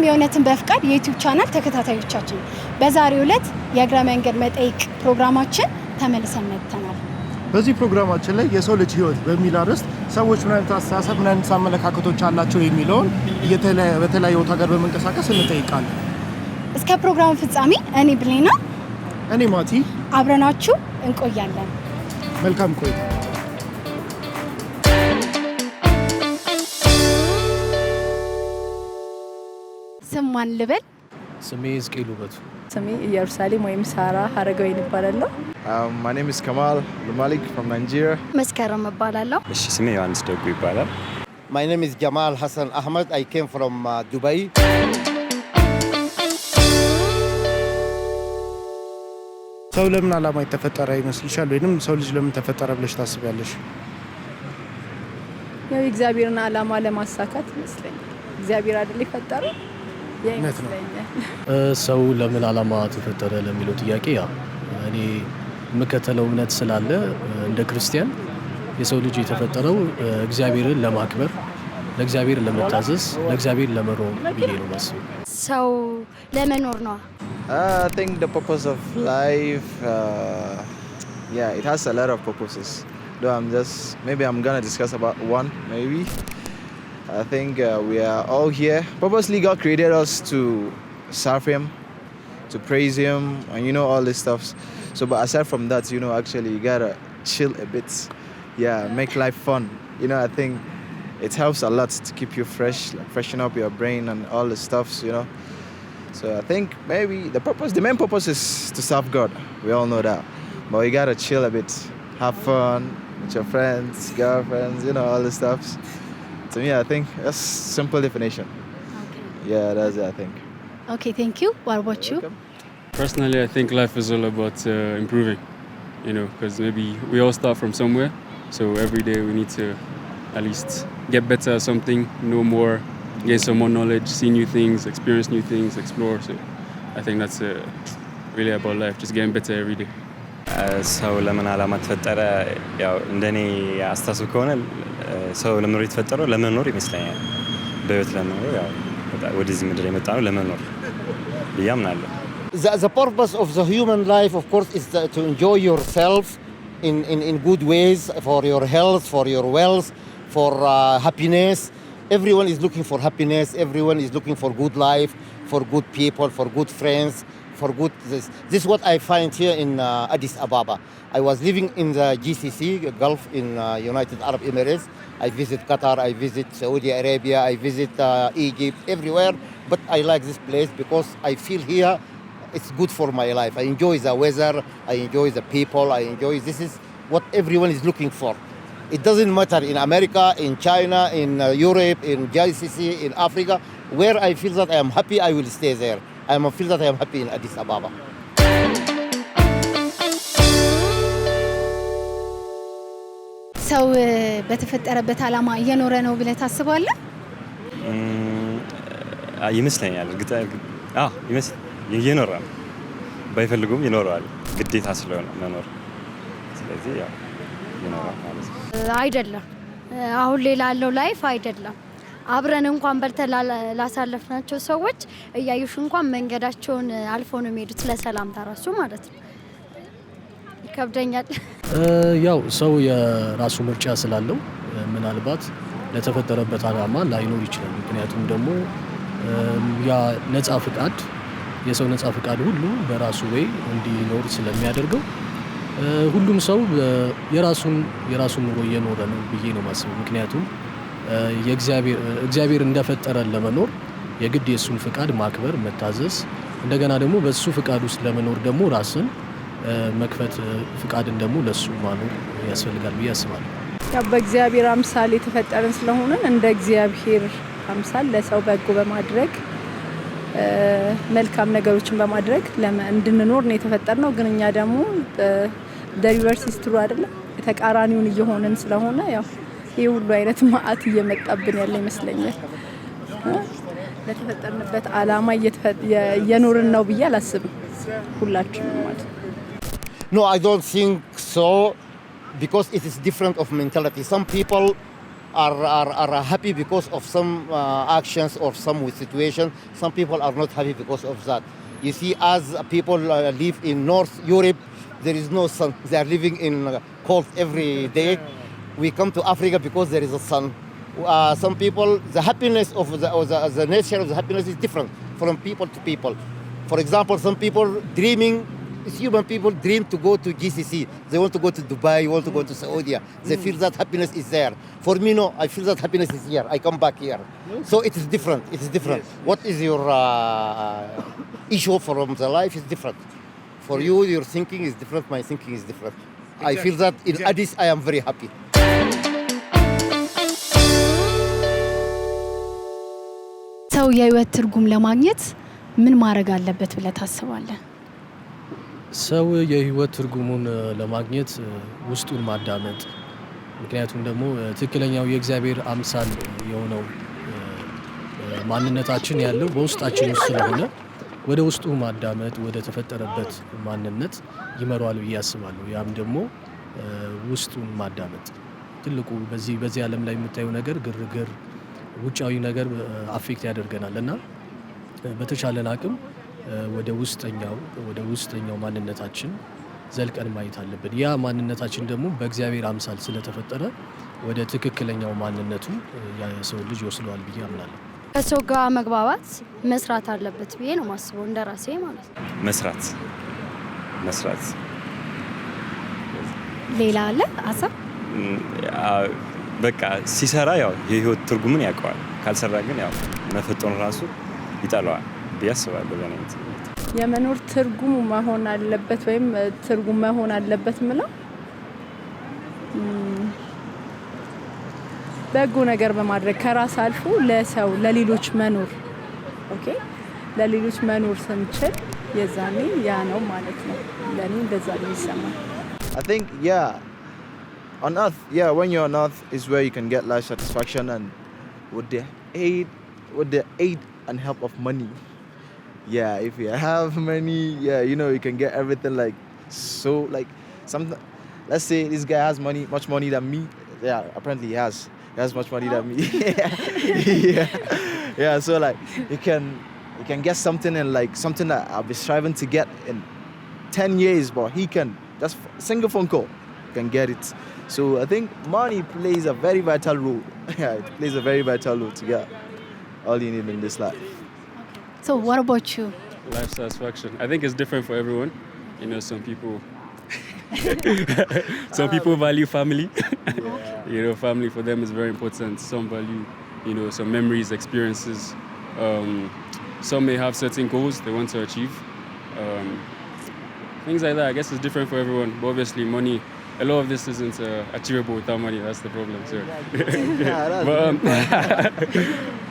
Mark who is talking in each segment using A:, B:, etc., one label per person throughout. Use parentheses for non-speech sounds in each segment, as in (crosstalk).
A: ሁሉም የእውነትን በፍቃድ የዩቲዩብ ቻናል ተከታታዮቻችን በዛሬው ዕለት የእግረ መንገድ መጠይቅ ፕሮግራማችን ተመልሰን መጥተናል።
B: በዚህ ፕሮግራማችን ላይ የሰው ልጅ ህይወት በሚል አርዕስት ሰዎች ምን አይነት አስተሳሰብ፣ ምን አይነት አመለካከቶች አላቸው የሚለውን በተለያየ ቦታ ጋር በመንቀሳቀስ እንጠይቃለን።
A: እስከ ፕሮግራሙ ፍጻሜ እኔ ብሌና፣ እኔ ማቲ አብረናችሁ እንቆያለን።
B: መልካም ቆይታ
A: ማን ልበል?
C: ስሜ ዝቅሉ
A: ስሜ ኢየሩሳሌም ወይም ሳራ ሀረገወይን እባላለሁ።
C: ማይ ኔም ኢዝ ከማል ማሊክ ፍሮም ናይጄሪያ።
A: መስከረም እባላለሁ።
D: እሺ፣ ስሜ ዮሐንስ ደጉ ይባላል።
E: ማይ ኔም ኢዝ ጀማል ሐሰን አህመድ አይ ኬም ፍሮም ዱባይ።
B: ሰው ለምን ዓላማ የተፈጠረ ይመስልሻል? ወይም ሰው ልጅ ለምን ተፈጠረ ብለሽ ታስቢያለሽ?
A: ያው የእግዚአብሔርን ዓላማ ለማሳካት ይመስለኛል። እግዚአብሔር አይደል የፈጠረው
B: እውነት ነው። ሰው ለምን ዓላማ ተፈጠረ ለሚለው ጥያቄ ያ እኔ የምከተለው እምነት ስላለ እንደ ክርስቲያን የሰው ልጅ የተፈጠረው እግዚአብሔርን ለማክበር ለእግዚአብሔር ለመታዘዝ ለእግዚአብሔር ለመሮ ብዬ ነው ማስበው።
A: ሰው ለመኖር ነው።
E: ያ ኢት ሃዝ አ ሎት ኦፍ ፐርፖስስ I think uh, we are all here. Purposely, God created us to serve Him, to praise Him, and you know, all this stuff. So, but aside from that, you know, actually, you gotta chill a bit. Yeah, make life fun. You know, I think it helps a lot to keep you fresh, like freshen up your brain and all the stuffs, you know. So I think maybe the purpose, the main purpose is to serve God. We all know that. But you gotta chill a bit, have fun with your friends, girlfriends, you know, all the stuffs to me, I think that's simple definition. Okay. Yeah, that's it, I think.
A: Okay, thank you. What about you
C: Personally, I think life is all about uh, improving, you know, because maybe we all start from somewhere. So every day we need to at least get better at something, know more, gain some more knowledge, see new things, experience new things, explore. So I think that's uh, really about life, just getting better every day.
B: ሰው ለምን ዓላማ ተፈጠረ? ያው እንደኔ አስተሳሰብ ከሆነ ሰው ለመኖር የተፈጠረው ለመኖር ይመስለኛል። በህይወት
F: The purpose of the human life, of course, is to enjoy yourself in, in, in good ways for your health, for your wealth, for uh, happiness. Everyone is looking for happiness. Everyone is looking for good life, for good people, for good friends for good. This, this is what I find here in uh, Addis Ababa. I was living in the GCC, Gulf in uh, United Arab Emirates. I visit Qatar, I visit Saudi Arabia, I visit uh, Egypt, everywhere. But I like this place because I feel here it's good for my life. I enjoy the weather, I enjoy the people, I enjoy this is what everyone is looking for. It doesn't matter in America, in China, in uh, Europe, in GCC, in Africa. Where I feel that I am happy, I will stay there. I am a field that I
A: ሰው በተፈጠረበት ዓላማ እየኖረ ነው ብለህ ታስባለህ?
B: ይመስለኛል። እየኖረ ነው፣ ባይፈልጉም ይኖረዋል። ግዴታ ስለሆነ መኖር፣ ስለዚህ
A: ይኖራል አይደለም አሁን ሌላ ያለው ላይፍ አይደለም አብረን እንኳን በልተን ላሳለፍናቸው ሰዎች እያዩሽ እንኳን መንገዳቸውን አልፎ ነው የሚሄዱት። ለሰላምታ ራሱ ማለት ነው። ይከብደኛል።
B: ያው ሰው የራሱ ምርጫ ስላለው ምናልባት ለተፈጠረበት አላማ ላይኖር ይችላል። ምክንያቱም ደግሞ ያ ነጻ ፍቃድ የሰው ነጻ ፍቃድ ሁሉ በራሱ ወይ እንዲኖር ስለሚያደርገው ሁሉም ሰው የራሱን የራሱን ኑሮ እየኖረ ነው ብዬ ነው ማስበው ምክንያቱም እግዚአብሔር እንደፈጠረን ለመኖር የግድ የእሱን ፍቃድ ማክበር፣ መታዘዝ እንደገና ደግሞ በእሱ ፍቃድ ውስጥ ለመኖር ደግሞ ራስን መክፈት ፍቃድን ደግሞ ለእሱ ማኖር ያስፈልጋል ብዬ አስባለሁ።
A: በእግዚአብሔር አምሳል የተፈጠረን ስለሆነ እንደ እግዚአብሔር አምሳል ለሰው በጎ በማድረግ መልካም ነገሮችን በማድረግ እንድንኖር ነው ነው። ግን እኛ ደግሞ ትሩ አይደለም ተቃራኒውን እየሆንን ስለሆነ ያው ይህ ሁሉ አይነት ማአት እየመጣብን ያለ ይመስለኛል። ለተፈጠርንበት አላማ እየኖርን ነው ብዬ አላስብም። ሁላችንም ማለት
F: ኖ አይ ዶንት ቲንክ ሶ ቢኮዝ ኢት ዲፍረንት ኦፍ ሜንታሊቲ ሰም ፒፕል Are, are, are happy because of some uh, actions or some situation. Some people are not happy because of that. You see, as people uh, live in North Europe, there is no sun. They are living in uh, cold every day we come to Africa because there is a sun. Uh, some people, the happiness of the, the, the nature of the happiness is different from people to people. For example, some people dreaming, human people dream to go to GCC. They want to go to Dubai, want to go to Saudi. They feel that happiness is there. For me, no, I feel that happiness is here. I come back here. So it is different. It is different. Yes, yes. What is your uh, uh issue from the life is different. For you, your thinking is different. My thinking is different. Exactly. I feel that in exactly. Addis, I am very happy.
A: ሰው የህይወት ትርጉም ለማግኘት ምን ማድረግ አለበት ብለህ ታስባለህ?
B: ሰው የህይወት ትርጉሙን ለማግኘት ውስጡን ማዳመጥ፣ ምክንያቱም ደግሞ ትክክለኛው የእግዚአብሔር አምሳል የሆነው ማንነታችን ያለው በውስጣችን ውስጥ ስለሆነ ወደ ውስጡ ማዳመጥ ወደ ተፈጠረበት ማንነት ይመራዋል ብዬ አስባለሁ። ያም ደግሞ ውስጡን ማዳመጥ ትልቁ በዚህ በዚህ ዓለም ላይ የምታየው ነገር ግርግር ውጫዊ ነገር አፌክት ያደርገናል እና በተቻለን አቅም ወደ ውስጠኛው ወደ ውስጠኛው ማንነታችን ዘልቀን ማየት አለብን። ያ ማንነታችን ደግሞ በእግዚአብሔር አምሳል ስለተፈጠረ ወደ ትክክለኛው ማንነቱ የሰው ልጅ ይወስደዋል ብዬ አምናለሁ።
A: ከሰው ጋር መግባባት መስራት አለበት ብዬ ነው ማስበው፣ እንደ ራሴ ማለት
E: ነው። መስራት መስራት
A: ሌላ አለ አሳ
E: በቃ ሲሰራ ያው የህይወት ትርጉምን ያውቀዋል። ካልሰራ ግን ያው መፈጠኑ ራሱ ይጠለዋል ብዬ አስባለሁ።
A: የመኖር ትርጉሙ መሆን አለበት ወይም ትርጉም መሆን አለበት ምለው በጎ ነገር በማድረግ ከራስ አልፎ ለሰው ለሌሎች መኖር ኦኬ፣ ለሌሎች መኖር ስንችል የዛኔ ያ ነው ማለት ነው። ለእኔ እንደዛ ነው ይሰማል።
E: on earth, yeah, when you're on earth is where you can get life satisfaction and with the aid with the aid and help of money. Yeah, if you have money, yeah, you know you can get everything like so like some let's say this guy has money, much money than me. Yeah, apparently he has. He has much money oh. than me. Oh. (laughs) yeah. Yeah, so like you can you can get something and like something that I'll be striving to get in 10 years, but he can just single phone call can get it. So I think money plays a very vital role. (laughs) yeah, it plays a very vital role to get all you need in this life.
A: So what about you?
C: Life satisfaction. I think it's different for everyone. You know, some people (laughs) some people value family. (laughs) yeah. You know, family for them is very important. Some value, you know, some memories, experiences. Um, some may have certain goals they want to achieve. Um, things like that. I guess it's different for everyone. But obviously, money a lot of this isn't uh, achievable without money. That's the problem. So, but, um,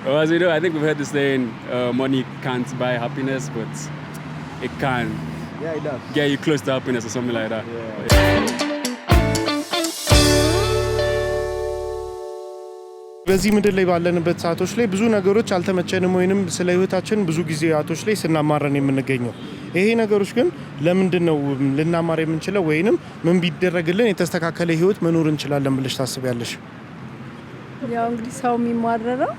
C: well, as you know, I think we've heard the saying: uh, money can't buy happiness, but it can.
E: Yeah, it does.
C: Get you close to happiness or something like that. Yeah. Yeah.
B: በዚህ ምድር ላይ ባለንበት ሰዓቶች ላይ ብዙ ነገሮች አልተመቸንም ወይንም ስለ ህይወታችን ብዙ ጊዜያቶች ላይ ስናማረን የምንገኘው ይሄ ነገሮች ግን ለምንድን ነው ልናማር የምንችለው ወይንም ምን ቢደረግልን የተስተካከለ ህይወት መኖር እንችላለን ብለሽ ታስቢያለሽ?
A: ያው እንግዲህ ሰው የሚማረረው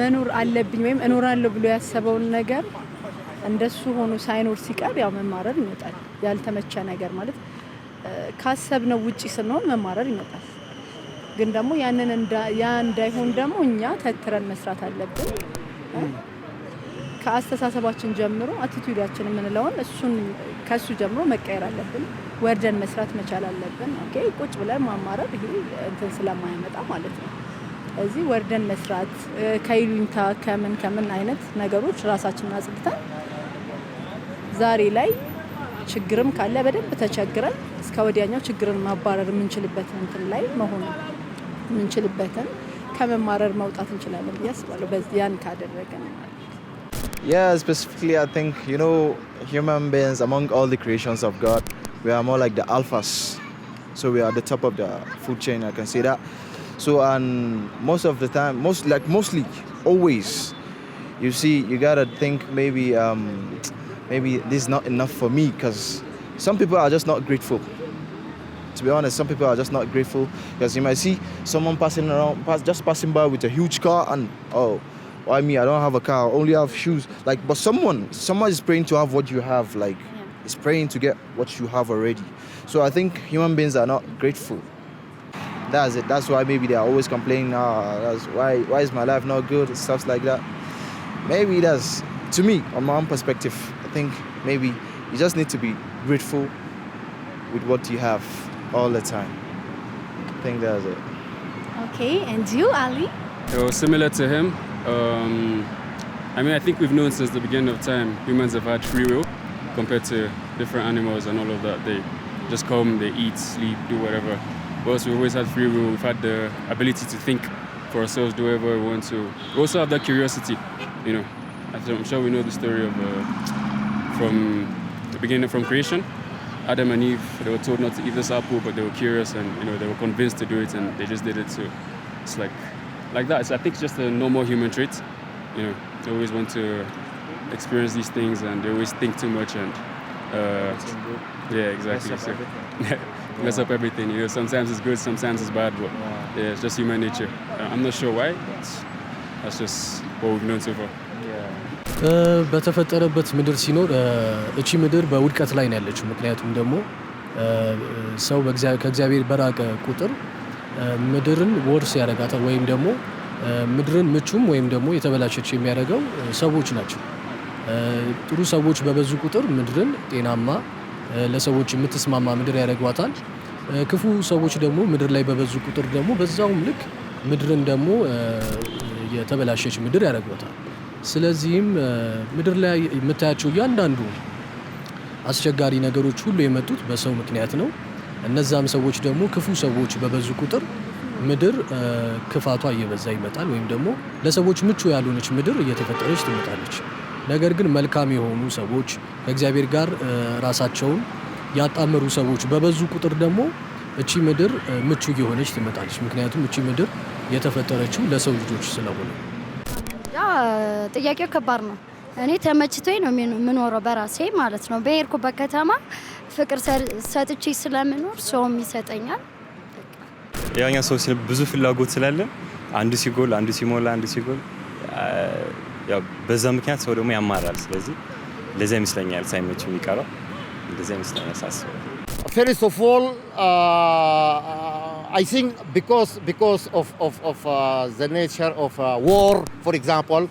A: መኖር አለብኝ ወይም እኖራለሁ ብሎ ያሰበውን ነገር እንደሱ ሆኖ ሳይኖር ሲቀር ያው መማረር ይመጣል። ያልተመቸ ነገር ማለት ካሰብነው ውጪ ስንሆን መማረር ይመጣል። ግን ደግሞ ያንን ያ እንዳይሆን ደግሞ እኛ ተትረን መስራት አለብን። ከአስተሳሰባችን ጀምሮ አቲቱዳችን የምንለውን እሱን ከሱ ጀምሮ መቀየር አለብን። ወርደን መስራት መቻል አለብን። ኦኬ ቁጭ ብለን ማማረር ይሄ እንትን ስለማያመጣ ማለት ነው። እዚህ ወርደን መስራት ከይሉኝታ ከምን ከምን አይነት ነገሮች ራሳችንን አጽድተን ዛሬ ላይ ችግርም ካለ በደንብ ተቸግረን እስከ ወዲያኛው ችግርን ማባረር የምንችልበትን እንትን ላይ መሆኑ የምንችልበትን ከመማረር መውጣት እንችላለን ብዬ አስባለሁ። በዚያን ካደረገን
E: Yeah, specifically, I think, you know, human beings, among all the creations of God, we are more like the alphas. So we are at the top of the food chain, I can say that. So, and most of the time, most like mostly, always, you see, you gotta think maybe, um, maybe this is not enough for me because some people are just not grateful. To be honest, some people are just not grateful because you might see someone passing around, pass, just passing by with a huge car, and oh, I mean, I don't have a car, I only have shoes. Like, but someone, someone is praying to have what you have. Like, yeah. is praying to get what you have already. So I think human beings are not grateful. That's it. That's why maybe they are always complaining. Ah, that's why. Why is my life not good? Stuff like that. Maybe that's to me, on my own perspective. I think maybe you just need to be grateful with what you have all the time. I think that's it.
A: Okay, and you, Ali?
C: So similar to him, um, I mean, I think we've known since the beginning of time humans have had free will compared to different animals and all of that. They just come, they eat, sleep, do whatever. But we've always had free will, we've had the ability to think for ourselves, do whatever we want to. We also have that curiosity, you know. I'm sure we know the story of uh, from the beginning, from creation. Adam and Eve, they were told not to eat this apple, but they were curious and you know they were convinced to do it, and they just did it. So it's like like that. So I think it's just a normal human trait. You know, they always want to experience these things and they always think too much and uh, yeah, exactly. Mess up so, yeah. mess up everything. You know, sometimes it's good, sometimes it's bad, but yeah, yeah it's just human nature. I'm not sure why. But that's just what we've known so far.
B: በተፈጠረበት ምድር ሲኖር እቺ ምድር በውድቀት ላይ ነው ያለችው። ምክንያቱም ደግሞ ሰው ከእግዚአብሔር በራቀ ቁጥር ምድርን ወርስ ያደርጋታል ወይም ደግሞ ምድርን ምቹም ወይም ደግሞ የተበላሸች የሚያደርገው ሰዎች ናቸው። ጥሩ ሰዎች በበዙ ቁጥር ምድርን ጤናማ ለሰዎች የምትስማማ ምድር ያደርጓታል። ክፉ ሰዎች ደግሞ ምድር ላይ በበዙ ቁጥር ደግሞ በዛውም ልክ ምድርን ደግሞ የተበላሸች ምድር ያደርጓታል። ስለዚህም ምድር ላይ የምታያቸው እያንዳንዱ አስቸጋሪ ነገሮች ሁሉ የመጡት በሰው ምክንያት ነው እነዛም ሰዎች ደግሞ ክፉ ሰዎች በበዙ ቁጥር ምድር ክፋቷ እየበዛ ይመጣል፣ ወይም ደግሞ ለሰዎች ምቹ ያልሆነች ምድር እየተፈጠረች ትመጣለች። ነገር ግን መልካም የሆኑ ሰዎች ከእግዚአብሔር ጋር ራሳቸውን ያጣመሩ ሰዎች በበዙ ቁጥር ደግሞ እቺ ምድር ምቹ እየሆነች ትመጣለች። ምክንያቱም እቺ ምድር የተፈጠረችው ለሰው ልጆች ስለሆነ።
A: ያ ጥያቄው ከባድ ነው። እኔ ተመችቶኝ ነው የምኖረው በራሴ ማለት ነው በሄድኩበት ከተማ ፍቅር ሰጥቼ ስለምኖር ሰውም ይሰጠኛል።
B: ያው እኛ ሰው ብዙ ፍላጎት ስላለን አንድ ሲጎል አንድ ሲሞላ አንድ ሲጎል በዛ ምክንያት ሰው ደግሞ ያማራል። ስለዚህ ለዚያ ይመስለኛል ሳይመች የሚቀረው እንደዚያ ይመስለኛል ሳስበው።
F: ፈርስት ኦፍ ኦል አይ ቲንክ ቢኮዝ ቢኮዝ ኦፍ ኦፍ ዘ ኔቸር ኦፍ ዎር ፎር ኤግዛምፕል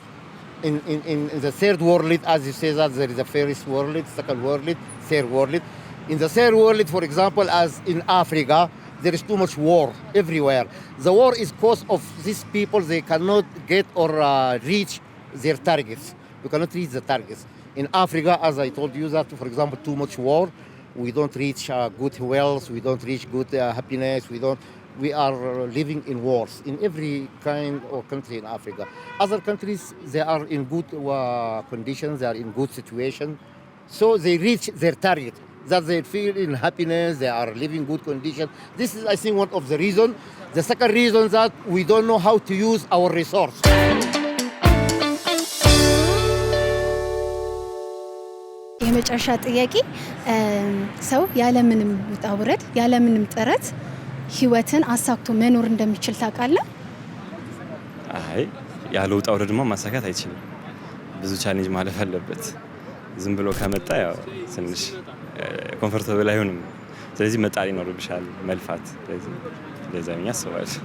F: ኢን ኢን ኢን ዘ ሰርድ ወርልድ አዝ ዩ ሴይ ዛት ዘር ኢዝ ዘ ፈርስት ወርልድ ሰከንድ ወርልድ ሰርድ ወርልድ In the third world, for example, as in Africa, there is too much war everywhere. The war is cause of these people. They cannot get or uh, reach their targets. We cannot reach the targets. In Africa, as I told you that, for example, too much war, we don't reach uh, good wealth, we don't reach good uh, happiness, we don't. We are living in wars in every kind of country in Africa. Other countries, they are in good uh, conditions, they are in good situation, so they reach their target. that they feel in happiness, they are living good conditions. This is, I think, one of the reasons. The second reason that we don't know how to use our resource.
A: የመጨረሻ ጥያቄ ሰው ያለምንም ውጣ ውረድ ያለምንም ጥረት ህይወትን አሳክቶ መኖር እንደሚችል ታውቃለህ?
B: አይ ያለ ውጣ ውረድማ ማሳካት አይችልም። ብዙ ቻሌንጅ ማለፍ አለበት። ዝም ብሎ ከመጣ ያው ትንሽ ኮንፈርታብል አይሆንም። ስለዚህ መጣር ይኖርብሻል፣ መልፋት። ለዛ ብኛ አስባለሁ።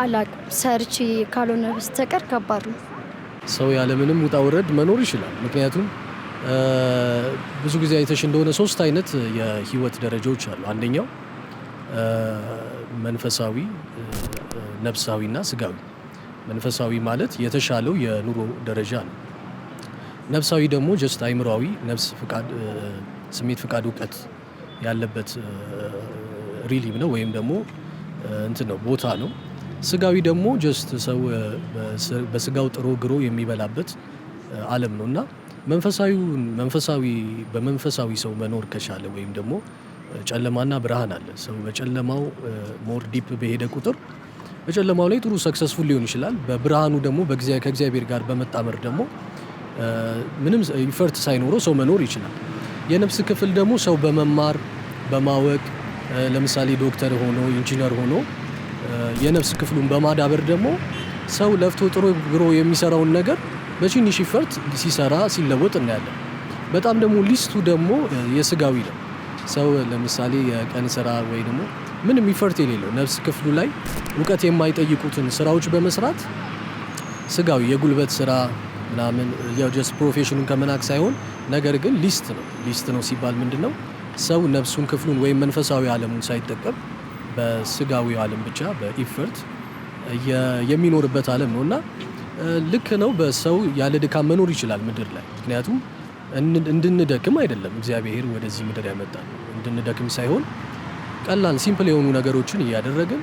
A: አላቅም ሰርቺ ካልሆነ በስተቀር ከባድ ነው።
B: ሰው ያለምንም ውጣ ውረድ መኖር ይችላል። ምክንያቱም ብዙ ጊዜ አይተሽ እንደሆነ ሶስት አይነት የህይወት ደረጃዎች አሉ። አንደኛው መንፈሳዊ፣ ነፍሳዊና ስጋዊ። መንፈሳዊ ማለት የተሻለው የኑሮ ደረጃ ነው። ነፍሳዊ ደግሞ ጀስት አይምሯዊ ነፍስ ፍቃድ ስሜት ፍቃድ እውቀት ያለበት ሪሊቭ ነው ወይም ደግሞ እንትን ነው ቦታ ነው። ስጋዊ ደግሞ ጀስት ሰው በስጋው ጥሮ ግሮ የሚበላበት ዓለም ነው እና መንፈሳዊውን መንፈሳዊ በመንፈሳዊ ሰው መኖር ከቻለ ወይም ደግሞ ጨለማና ብርሃን አለ። ሰው በጨለማው ሞር ዲፕ በሄደ ቁጥር በጨለማው ላይ ጥሩ ሰክሰስፉል ሊሆን ይችላል። በብርሃኑ ደግሞ ከእግዚአብሔር ጋር በመጣመር ደግሞ ምንም ኢፈርት ሳይኖረው ሰው መኖር ይችላል። የነፍስ ክፍል ደግሞ ሰው በመማር በማወቅ ለምሳሌ ዶክተር ሆኖ ኢንጂነር ሆኖ የነፍስ ክፍሉን በማዳበር ደግሞ ሰው ለፍቶ ጥሮ ግሮ የሚሰራውን ነገር በትንሽ ኢፈርት ሲሰራ ሲለወጥ እናያለን። በጣም ደግሞ ሊስቱ ደግሞ የስጋዊ ነው። ሰው ለምሳሌ የቀን ስራ ወይ ደግሞ ምንም ኢፈርት የሌለው ነፍስ ክፍሉ ላይ እውቀት የማይጠይቁትን ስራዎች በመስራት ስጋዊ የጉልበት ስራ ምናምን ጀስት ፕሮፌሽኑን ከመናቅ ሳይሆን ነገር ግን ሊስት ነው። ሊስት ነው ሲባል ምንድን ነው? ሰው ነፍሱን ክፍሉን ወይም መንፈሳዊ ዓለሙን ሳይጠቀም በስጋዊ ዓለም ብቻ በኢፈርት የሚኖርበት ዓለም ነው እና ልክ ነው። በሰው ያለ ድካም መኖር ይችላል ምድር ላይ ምክንያቱም እንድንደክም አይደለም እግዚአብሔር ወደዚህ ምድር ያመጣል እንድንደክም ሳይሆን ቀላል ሲምፕል የሆኑ ነገሮችን እያደረግን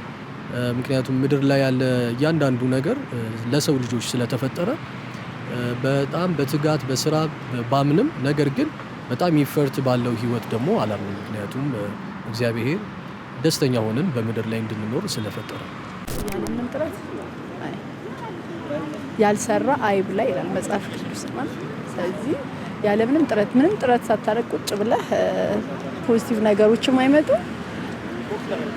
B: ምክንያቱም ምድር ላይ ያለ እያንዳንዱ ነገር ለሰው ልጆች ስለተፈጠረ በጣም በትጋት በስራ ባምንም ነገር ግን በጣም ይፈርት ባለው ህይወት ደግሞ አላምን። ምክንያቱም እግዚአብሔር ደስተኛ ሆነን በምድር ላይ እንድንኖር ስለፈጠረ
A: ያልሰራ አይብ ላይ ይላል መጽሐፍ ቅዱስ። ስለዚህ ያለምንም ጥረት ምንም ጥረት ሳታረቅ ቁጭ ብለህ ፖዚቲቭ ነገሮችም አይመጡም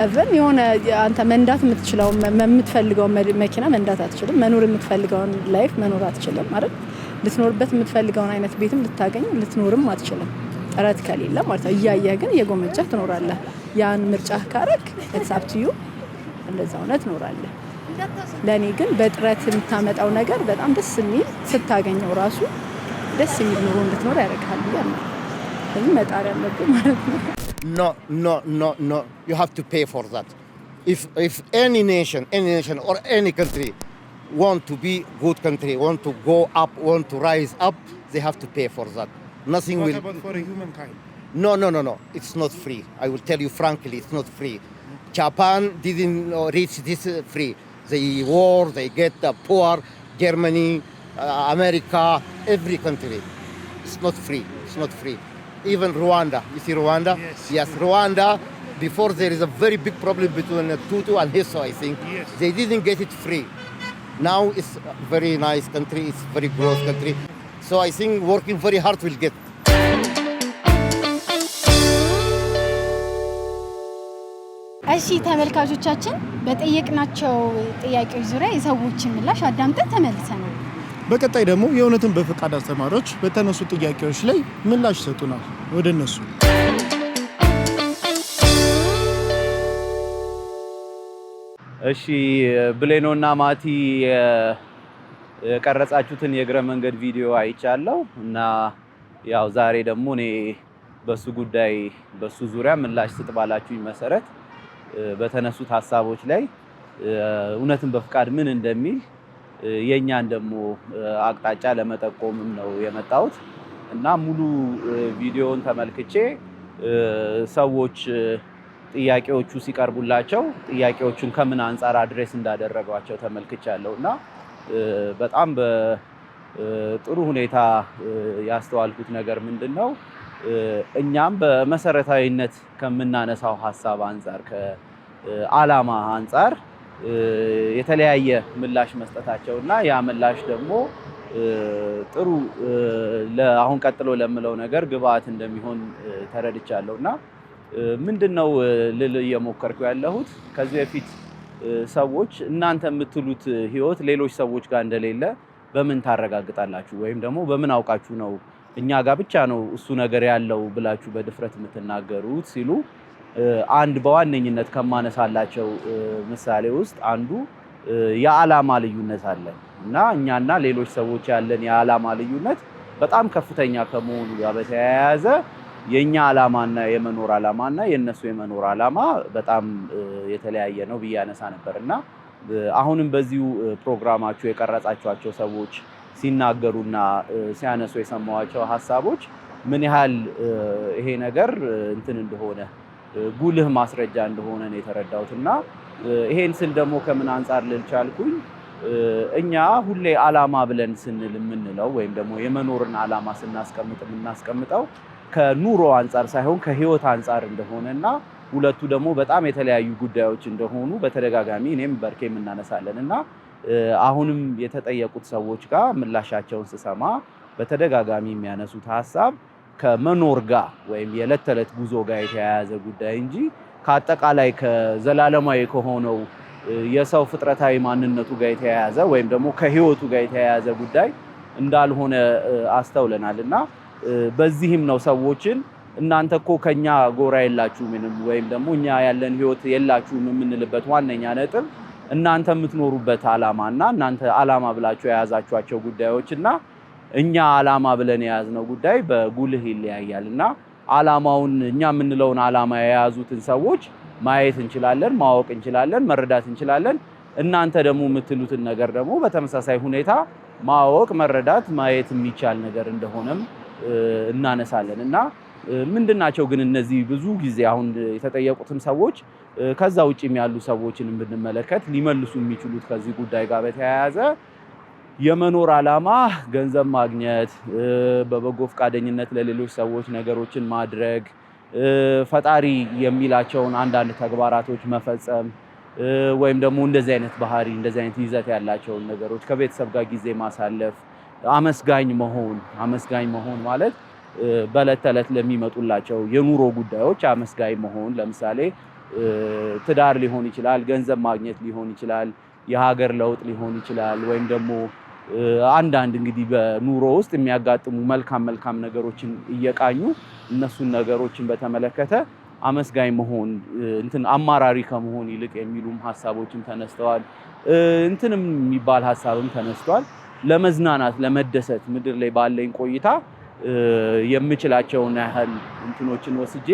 A: እብን የሆነ አንተ መንዳት የምትችለው የምትፈልገውን መኪና መንዳት አትችልም። መኖር የምትፈልገውን ላይፍ መኖር አትችልም ማለት ልትኖርበት የምትፈልገውን አይነት ቤትም ልታገኝ ልትኖርም አትችልም፣ ጥረት ከሌለ ማለት ነው። እያየህ ግን እየጎመጀህ ትኖራለህ። ያን ምርጫ ካረክ ሳብትዩ እንደዛ ሆነ ትኖራለህ። ለእኔ ግን በጥረት የምታመጣው ነገር በጣም ደስ የሚል ስታገኘው ራሱ ደስ የሚል ኑሮ እንድትኖር ያደርግሃል ብዬ መጣር ያለብህ ማለት ነው።
F: no, no, no, no. You have to pay for that. If, if any nation, any nation or any country want to be good country, want to go up, want to rise up, they have to pay for that. Nothing what will.
E: What about for humankind?
F: No, no, no, no. It's not free. I will tell you frankly, it's not free. Japan didn't uh, reach this uh, free. They war, they get poor. Germany, uh, America, every country. It's not free. It's not free. even Rwanda. You see Rwanda? Yes. Yes, Rwanda, before there is a very big problem between Tutu and Hutu, I think. Yes. They didn't get it free. Now it's a very nice country, it's a very gross country. So I think working very hard will get.
A: እሺ ተመልካቾቻችን በጠየቅናቸው ጥያቄዎች ዙሪያ የሰዎችን ምላሽ አዳምጠን ተመልሰናል።
B: በቀጣይ ደግሞ የእውነትን በፈቃድ አስተማሪዎች በተነሱ ጥያቄዎች ላይ ምላሽ ይሰጡናል። ወደ እነሱ እሺ ብሌኖና ማቲ የቀረጻችሁትን የእግረ መንገድ ቪዲዮ አይቻለሁ እና ያው ዛሬ ደግሞ እኔ በሱ ጉዳይ በሱ ዙሪያ ምላሽ ስጥ ባላችሁኝ መሰረት በተነሱት ሀሳቦች ላይ እውነትን በፍቃድ ምን እንደሚል የእኛን ደግሞ አቅጣጫ ለመጠቆምም ነው የመጣሁት እና ሙሉ ቪዲዮውን ተመልክቼ ሰዎች ጥያቄዎቹ ሲቀርቡላቸው ጥያቄዎቹን ከምን አንጻር አድሬስ እንዳደረጓቸው ተመልክቻለሁ እና በጣም በጥሩ ሁኔታ ያስተዋልኩት ነገር ምንድን ነው እኛም በመሰረታዊነት ከምናነሳው ሀሳብ አንጻር ከአላማ አንጻር የተለያየ ምላሽ መስጠታቸው እና ያ ምላሽ ደግሞ ጥሩ አሁን ቀጥሎ ለምለው ነገር ግብአት እንደሚሆን ተረድቻለሁ እና ምንድን ነው ልል እየሞከርኩ ያለሁት ከዚህ በፊት ሰዎች እናንተ የምትሉት ህይወት ሌሎች ሰዎች ጋር እንደሌለ በምን ታረጋግጣላችሁ? ወይም ደግሞ በምን አውቃችሁ ነው እኛ ጋር ብቻ ነው እሱ ነገር ያለው ብላችሁ በድፍረት የምትናገሩት ሲሉ አንድ በዋነኝነት ከማነሳላቸው ምሳሌ ውስጥ አንዱ የዓላማ ልዩነት አለን እና እኛና ሌሎች ሰዎች ያለን የዓላማ ልዩነት በጣም ከፍተኛ ከመሆኑ ጋር በተያያዘ የእኛ ዓላማና የመኖር እና የእነሱ የመኖር ዓላማ በጣም የተለያየ ነው ብዬ ያነሳ ነበር እና አሁንም በዚሁ ፕሮግራማችሁ የቀረጻችኋቸው ሰዎች ሲናገሩና ሲያነሱ የሰማኋቸው ሀሳቦች ምን ያህል ይሄ ነገር እንትን እንደሆነ ጉልህ ማስረጃ እንደሆነ ነው የተረዳሁት። እና ይሄን ስል ደግሞ ከምን አንጻር ልል ቻልኩኝ? እኛ ሁሌ አላማ ብለን ስንል የምንለው ወይም ደግሞ የመኖርን አላማ ስናስቀምጥ የምናስቀምጠው ከኑሮ አንጻር ሳይሆን ከህይወት አንጻር እንደሆነ እና ሁለቱ ደግሞ በጣም የተለያዩ ጉዳዮች እንደሆኑ በተደጋጋሚ እኔም በርኬ የምናነሳለን እና አሁንም የተጠየቁት ሰዎች ጋር ምላሻቸውን ስሰማ በተደጋጋሚ የሚያነሱት ሀሳብ ከመኖር ጋር ወይም የዕለት ተዕለት ጉዞ ጋር የተያያዘ ጉዳይ እንጂ ከአጠቃላይ ከዘላለማዊ ከሆነው የሰው ፍጥረታዊ ማንነቱ ጋር የተያያዘ ወይም ደግሞ ከህይወቱ ጋር የተያያዘ ጉዳይ እንዳልሆነ አስተውለናል እና በዚህም ነው ሰዎችን እናንተ እኮ ከኛ ጎራ የላችሁ ምንም ወይም ደግሞ እኛ ያለን ህይወት የላችሁም የምንልበት ዋነኛ ነጥብ እናንተ የምትኖሩበት አላማ እና እናንተ አላማ ብላችሁ የያዛችኋቸው ጉዳዮች እና እኛ አላማ ብለን የያዝነው ጉዳይ በጉልህ ይለያያል እና ዓላማውን እኛ የምንለውን አላማ የያዙትን ሰዎች ማየት እንችላለን፣ ማወቅ እንችላለን፣ መረዳት እንችላለን። እናንተ ደግሞ የምትሉትን ነገር ደግሞ በተመሳሳይ ሁኔታ ማወቅ፣ መረዳት፣ ማየት የሚቻል ነገር እንደሆነም እናነሳለን እና ምንድን ናቸው ግን እነዚህ ብዙ ጊዜ አሁን የተጠየቁትም ሰዎች ከዛ ውጭም ያሉ ሰዎችን ብንመለከት ሊመልሱ የሚችሉት ከዚህ ጉዳይ ጋር በተያያዘ የመኖር ዓላማ ገንዘብ ማግኘት፣ በበጎ ፈቃደኝነት ለሌሎች ሰዎች ነገሮችን ማድረግ፣ ፈጣሪ የሚላቸውን አንዳንድ ተግባራቶች መፈጸም ወይም ደግሞ እንደዚህ አይነት ባህሪ እንደዚህ አይነት ይዘት ያላቸውን ነገሮች ከቤተሰብ ጋር ጊዜ ማሳለፍ፣ አመስጋኝ መሆን። አመስጋኝ መሆን ማለት በዕለት ተዕለት ለሚመጡላቸው የኑሮ ጉዳዮች አመስጋኝ መሆን። ለምሳሌ ትዳር ሊሆን ይችላል፣ ገንዘብ ማግኘት ሊሆን ይችላል፣ የሀገር ለውጥ ሊሆን ይችላል ወይም ደግሞ አንዳንድ እንግዲህ በኑሮ ውስጥ የሚያጋጥሙ መልካም መልካም ነገሮችን እየቃኙ እነሱን ነገሮችን በተመለከተ አመስጋኝ መሆን እንትን አማራሪ ከመሆን ይልቅ የሚሉም ሀሳቦችም ተነስተዋል። እንትንም የሚባል ሀሳብም ተነስቷል። ለመዝናናት ለመደሰት ምድር ላይ ባለኝ ቆይታ የምችላቸውን ያህል እንትኖችን ወስጄ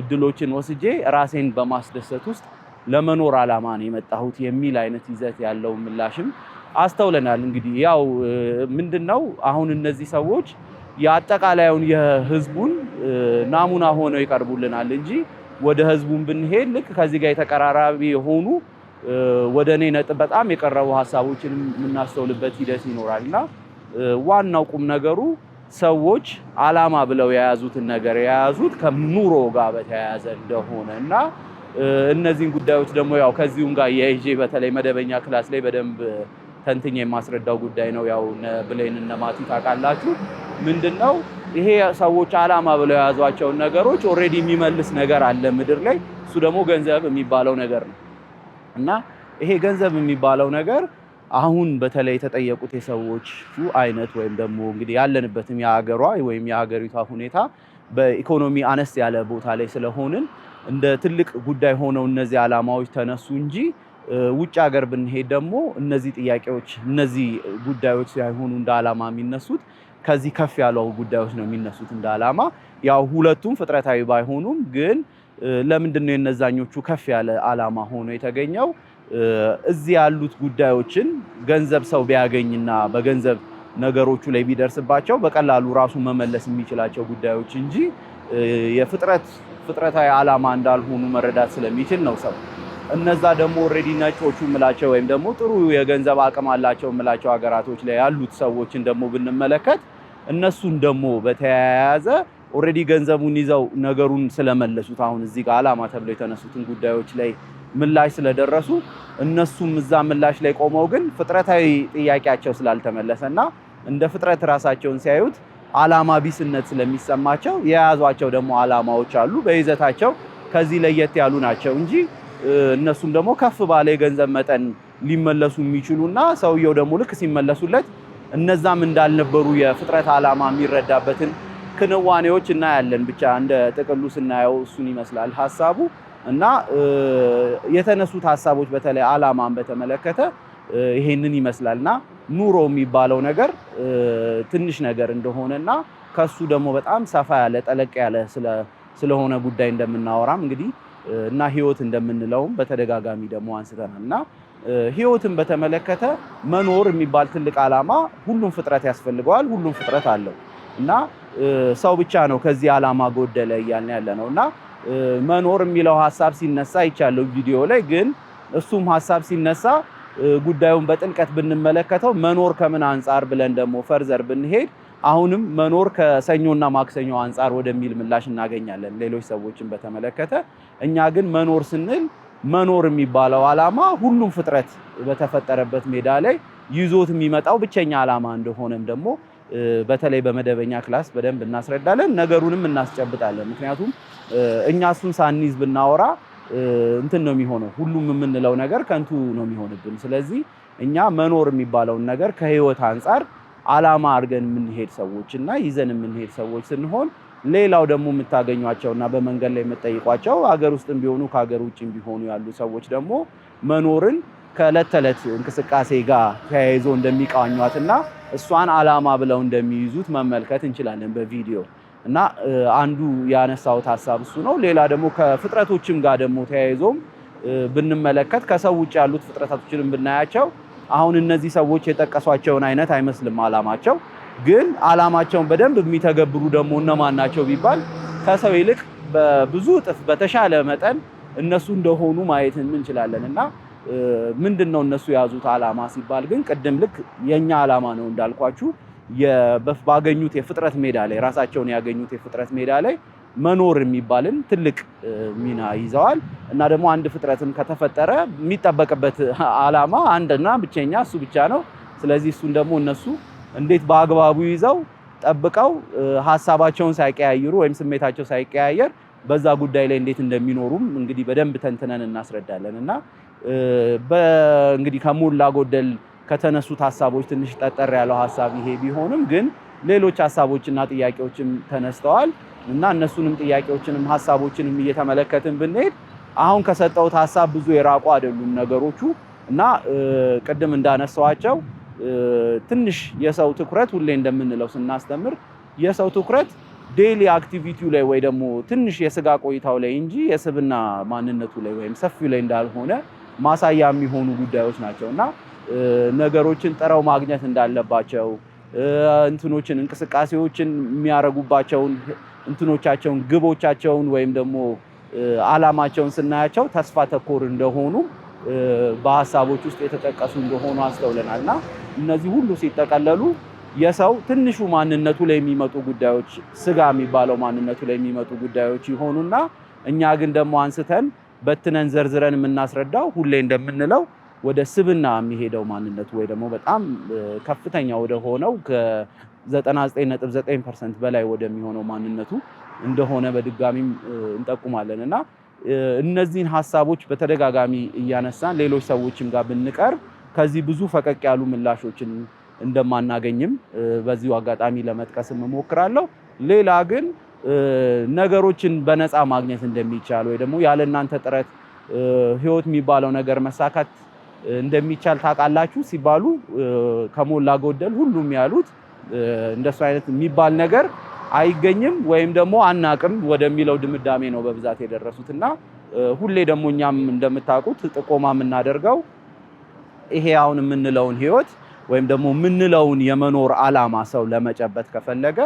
B: እድሎችን ወስጄ ራሴን በማስደሰት ውስጥ ለመኖር አላማ ነው የመጣሁት የሚል አይነት ይዘት ያለው ምላሽም አስተውለናል። እንግዲህ ያው ምንድን ነው አሁን እነዚህ ሰዎች የአጠቃላዩን የህዝቡን ናሙና ሆነው ይቀርቡልናል እንጂ ወደ ህዝቡን ብንሄድ ልክ ከዚህ ጋር የተቀራራቢ የሆኑ ወደ እኔ ነጥብ በጣም የቀረቡ ሀሳቦችን የምናስተውልበት ሂደት ይኖራል እና ዋናው ቁም ነገሩ ሰዎች አላማ ብለው የያዙትን ነገር የያዙት ከኑሮ ጋር በተያያዘ እንደሆነ እና እነዚህን ጉዳዮች ደግሞ ያው ከዚሁም ጋር የይዤ በተለይ መደበኛ ክላስ ላይ በደንብ ተንትኝ የማስረዳው ጉዳይ ነው። ያው ብሌን እነ ማቲ ታውቃላችሁ። ምንድን ነው ይሄ ሰዎች አላማ ብለው የያዟቸውን ነገሮች ኦልሬዲ የሚመልስ ነገር አለ ምድር ላይ። እሱ ደግሞ ገንዘብ የሚባለው ነገር ነው እና ይሄ ገንዘብ የሚባለው ነገር አሁን በተለይ የተጠየቁት የሰዎቹ አይነት ወይም ደግሞ እንግዲህ ያለንበትም የሀገሯ ወይም የሀገሪቷ ሁኔታ በኢኮኖሚ አነስ ያለ ቦታ ላይ ስለሆንን እንደ ትልቅ ጉዳይ ሆነው እነዚህ አላማዎች ተነሱ እንጂ ውጭ ሀገር ብንሄድ ደግሞ እነዚህ ጥያቄዎች እነዚህ ጉዳዮች ሳይሆኑ እንደ ዓላማ የሚነሱት ከዚህ ከፍ ያሉ ጉዳዮች ነው የሚነሱት እንደ ዓላማ። ያው ሁለቱም ፍጥረታዊ ባይሆኑም ግን ለምንድን ነው የነዛኞቹ ከፍ ያለ ዓላማ ሆኖ የተገኘው? እዚህ ያሉት ጉዳዮችን ገንዘብ ሰው ቢያገኝና በገንዘብ ነገሮቹ ላይ ቢደርስባቸው በቀላሉ ራሱ መመለስ የሚችላቸው ጉዳዮች እንጂ የፍጥረት ፍጥረታዊ ዓላማ እንዳልሆኑ መረዳት ስለሚችል ነው ሰው እነዛ ደግሞ ኦልሬዲ ነጮቹ ምላቸው ወይም ደግሞ ጥሩ የገንዘብ አቅም አላቸው ምላቸው ሀገራቶች ላይ ያሉት ሰዎችን ደግሞ ብንመለከት እነሱን ደግሞ በተያያዘ ኦልሬዲ ገንዘቡን ይዘው ነገሩን ስለመለሱት አሁን እዚህ ጋር አላማ ተብለው የተነሱትን ጉዳዮች ላይ ምላሽ ስለደረሱ እነሱም እዛ ምላሽ ላይ ቆመው ግን ፍጥረታዊ ጥያቄያቸው ስላልተመለሰ እና እንደ ፍጥረት ራሳቸውን ሲያዩት አላማ ቢስነት ስለሚሰማቸው የያዟቸው ደግሞ አላማዎች አሉ። በይዘታቸው ከዚህ ለየት ያሉ ናቸው እንጂ እነሱም ደግሞ ከፍ ባለ የገንዘብ መጠን ሊመለሱ የሚችሉና ሰውየው ደግሞ ልክ ሲመለሱለት እነዛም እንዳልነበሩ የፍጥረት ዓላማ የሚረዳበትን ክንዋኔዎች እናያለን። ብቻ እንደ ጥቅሉ ስናየው እሱን ይመስላል ሀሳቡ እና የተነሱት ሀሳቦች በተለይ ዓላማን በተመለከተ ይሄንን ይመስላል እና ኑሮ የሚባለው ነገር ትንሽ ነገር እንደሆነና ከሱ ደግሞ በጣም ሰፋ ያለ ጠለቅ ያለ ስለሆነ ጉዳይ እንደምናወራም እንግዲህ እና ህይወት እንደምንለውም በተደጋጋሚ ደግሞ አንስተናል እና ህይወትን በተመለከተ መኖር የሚባል ትልቅ ዓላማ ሁሉም ፍጥረት ያስፈልገዋል። ሁሉም ፍጥረት አለው እና ሰው ብቻ ነው ከዚህ ዓላማ ጎደለ እያልን ያለ ነው እና መኖር የሚለው ሀሳብ ሲነሳ ይቻለው ቪዲዮ ላይ ግን እሱም ሀሳብ ሲነሳ ጉዳዩን በጥልቀት ብንመለከተው መኖር ከምን አንጻር ብለን ደግሞ ፈርዘር ብንሄድ አሁንም መኖር ከሰኞና ማክሰኞ አንጻር ወደሚል ምላሽ እናገኛለን ሌሎች ሰዎችን በተመለከተ። እኛ ግን መኖር ስንል መኖር የሚባለው ዓላማ ሁሉም ፍጥረት በተፈጠረበት ሜዳ ላይ ይዞት የሚመጣው ብቸኛ ዓላማ እንደሆነም ደግሞ በተለይ በመደበኛ ክላስ በደንብ እናስረዳለን፣ ነገሩንም እናስጨብጣለን። ምክንያቱም እኛ እሱን ሳንይዝ ብናወራ እንትን ነው የሚሆነው፣ ሁሉም የምንለው ነገር ከንቱ ነው የሚሆንብን። ስለዚህ እኛ መኖር የሚባለውን ነገር ከህይወት አንጻር አላማ አድርገን የምንሄድ ሰዎች እና ይዘን የምንሄድ ሰዎች ስንሆን ሌላው ደግሞ የምታገኟቸው እና በመንገድ ላይ የምጠይቋቸው ሀገር ውስጥም ቢሆኑ ከሀገር ውጭም ቢሆኑ ያሉ ሰዎች ደግሞ መኖርን ከእለት ተዕለት እንቅስቃሴ ጋር ተያይዞ እንደሚቃኟት እና እሷን አላማ ብለው እንደሚይዙት መመልከት እንችላለን በቪዲዮ እና አንዱ ያነሳሁት ሀሳብ እሱ ነው። ሌላ ደግሞ ከፍጥረቶችም ጋር ደግሞ ተያይዞም ብንመለከት ከሰው ውጭ ያሉት ፍጥረታቶችንም ብናያቸው አሁን እነዚህ ሰዎች የጠቀሷቸውን አይነት አይመስልም አላማቸው። ግን አላማቸውን በደንብ የሚተገብሩ ደግሞ እነማን ናቸው ቢባል ከሰው ይልቅ በብዙ እጥፍ በተሻለ መጠን እነሱ እንደሆኑ ማየት እንችላለን እና ምንድን ነው እነሱ የያዙት አላማ ሲባል ግን ቅድም ልክ የኛ አላማ ነው እንዳልኳችሁ ባገኙት የፍጥረት ሜዳ ላይ ራሳቸውን ያገኙት የፍጥረት ሜዳ ላይ መኖር የሚባልን ትልቅ ሚና ይዘዋል እና ደግሞ አንድ ፍጥረትም ከተፈጠረ የሚጠበቅበት ዓላማ አንድና ብቸኛ እሱ ብቻ ነው። ስለዚህ እሱን ደግሞ እነሱ እንዴት በአግባቡ ይዘው ጠብቀው ሀሳባቸውን ሳይቀያይሩ ወይም ስሜታቸው ሳይቀያየር በዛ ጉዳይ ላይ እንዴት እንደሚኖሩም እንግዲህ በደንብ ተንትነን እናስረዳለን እና እንግዲህ ከሞላ ጎደል ከተነሱት ሀሳቦች ትንሽ ጠጠር ያለው ሀሳብ ይሄ ቢሆንም ግን ሌሎች ሀሳቦችና ጥያቄዎችም ተነስተዋል። እና እነሱንም ጥያቄዎችንም ሀሳቦችንም እየተመለከትን ብንሄድ አሁን ከሰጠሁት ሀሳብ ብዙ የራቁ አይደሉም ነገሮቹ እና ቅድም እንዳነሳዋቸው ትንሽ የሰው ትኩረት ሁሌ እንደምንለው ስናስተምር የሰው ትኩረት ዴይሊ አክቲቪቲው ላይ ወይ ደግሞ ትንሽ የስጋ ቆይታው ላይ እንጂ የስብና ማንነቱ ላይ ወይም ሰፊው ላይ እንዳልሆነ ማሳያ የሚሆኑ ጉዳዮች ናቸው እና ነገሮችን ጥረው ማግኘት እንዳለባቸው እንትኖችን እንቅስቃሴዎችን የሚያደርጉባቸውን እንትኖቻቸውን ግቦቻቸውን ወይም ደግሞ አላማቸውን ስናያቸው ተስፋ ተኮር እንደሆኑ በሀሳቦች ውስጥ የተጠቀሱ እንደሆኑ አስተውለናል እና እነዚህ ሁሉ ሲጠቀለሉ የሰው ትንሹ ማንነቱ ላይ የሚመጡ ጉዳዮች ስጋ የሚባለው ማንነቱ ላይ የሚመጡ ጉዳዮች ይሆኑና እኛ ግን ደግሞ አንስተን በትነን ዘርዝረን የምናስረዳው ሁሌ እንደምንለው ወደ ስብና የሚሄደው ማንነቱ ወይ ደግሞ በጣም ከፍተኛ ወደ ሆነው 99.9% በላይ ወደሚሆነው ማንነቱ እንደሆነ በድጋሚም እንጠቁማለን እና እነዚህን ሀሳቦች በተደጋጋሚ እያነሳን ሌሎች ሰዎችም ጋር ብንቀርብ ከዚህ ብዙ ፈቀቅ ያሉ ምላሾችን እንደማናገኝም በዚሁ አጋጣሚ ለመጥቀስ እሞክራለሁ። ሌላ ግን ነገሮችን በነፃ ማግኘት እንደሚቻል ወይ ደግሞ ያለ እናንተ ጥረት ህይወት የሚባለው ነገር መሳካት እንደሚቻል ታውቃላችሁ ሲባሉ ከሞላ ጎደል ሁሉም ያሉት እንደሱ አይነት የሚባል ነገር አይገኝም ወይም ደግሞ አናቅም ወደሚለው ድምዳሜ ነው በብዛት የደረሱት እና ሁሌ ደግሞ እኛም እንደምታውቁት ጥቆማ የምናደርገው ይሄ አሁን የምንለውን ህይወት ወይም ደግሞ የምንለውን የመኖር አላማ ሰው ለመጨበት ከፈለገ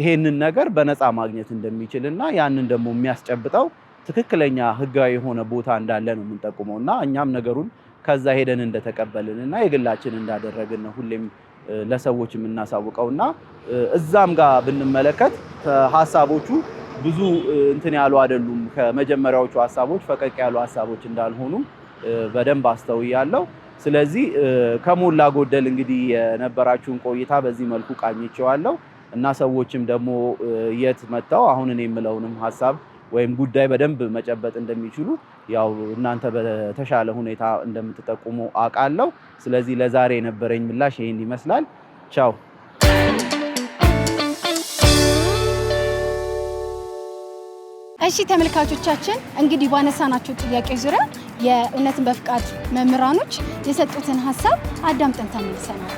B: ይሄንን ነገር በነፃ ማግኘት እንደሚችል እና ያንን ደግሞ የሚያስጨብጠው ትክክለኛ ህጋዊ የሆነ ቦታ እንዳለ ነው የምንጠቁመው እና እኛም ነገሩን ከዛ ሄደን እንደተቀበልን እና የግላችን እንዳደረግን ነው ሁሌም ለሰዎች የምናሳውቀው እና እዛም ጋር ብንመለከት ሀሳቦቹ ብዙ እንትን ያሉ አይደሉም። ከመጀመሪያዎቹ ሀሳቦች ፈቀቅ ያሉ ሀሳቦች እንዳልሆኑ በደንብ አስተውያለሁ። ስለዚህ ከሞላ ጎደል እንግዲህ የነበራችሁን ቆይታ በዚህ መልኩ ቃኝቼዋለሁ እና ሰዎችም ደግሞ የት መጥተው አሁን እኔ የምለውንም ሀሳብ ወይም ጉዳይ በደንብ መጨበጥ እንደሚችሉ ያው እናንተ በተሻለ ሁኔታ እንደምትጠቁሙ አውቃለሁ። ስለዚህ ለዛሬ የነበረኝ ምላሽ ይህን ይመስላል። ቻው።
A: እሺ ተመልካቾቻችን እንግዲህ ባነሳናቸው ጥያቄ ዙሪያ የእውነትን በፍቃድ መምህራኖች የሰጡትን ሀሳብ አዳምጠን ተመልሰናል።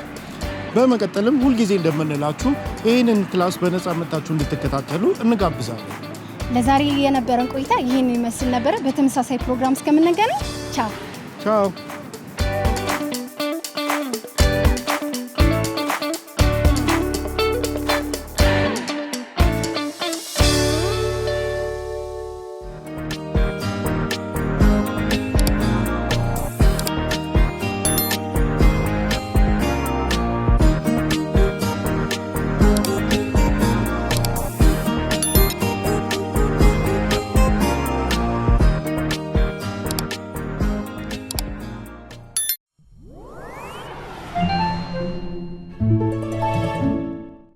B: በመቀጠልም ሁልጊዜ እንደምንላችሁ ይህንን ክላስ በነፃ መጥታችሁ እንድትከታተሉ እንጋብዛለን።
A: ለዛሬ የነበረን ቆይታ ይህን ይመስል ነበረ። በተመሳሳይ ፕሮግራም እስከምንገናኝ ቻው
B: ቻው።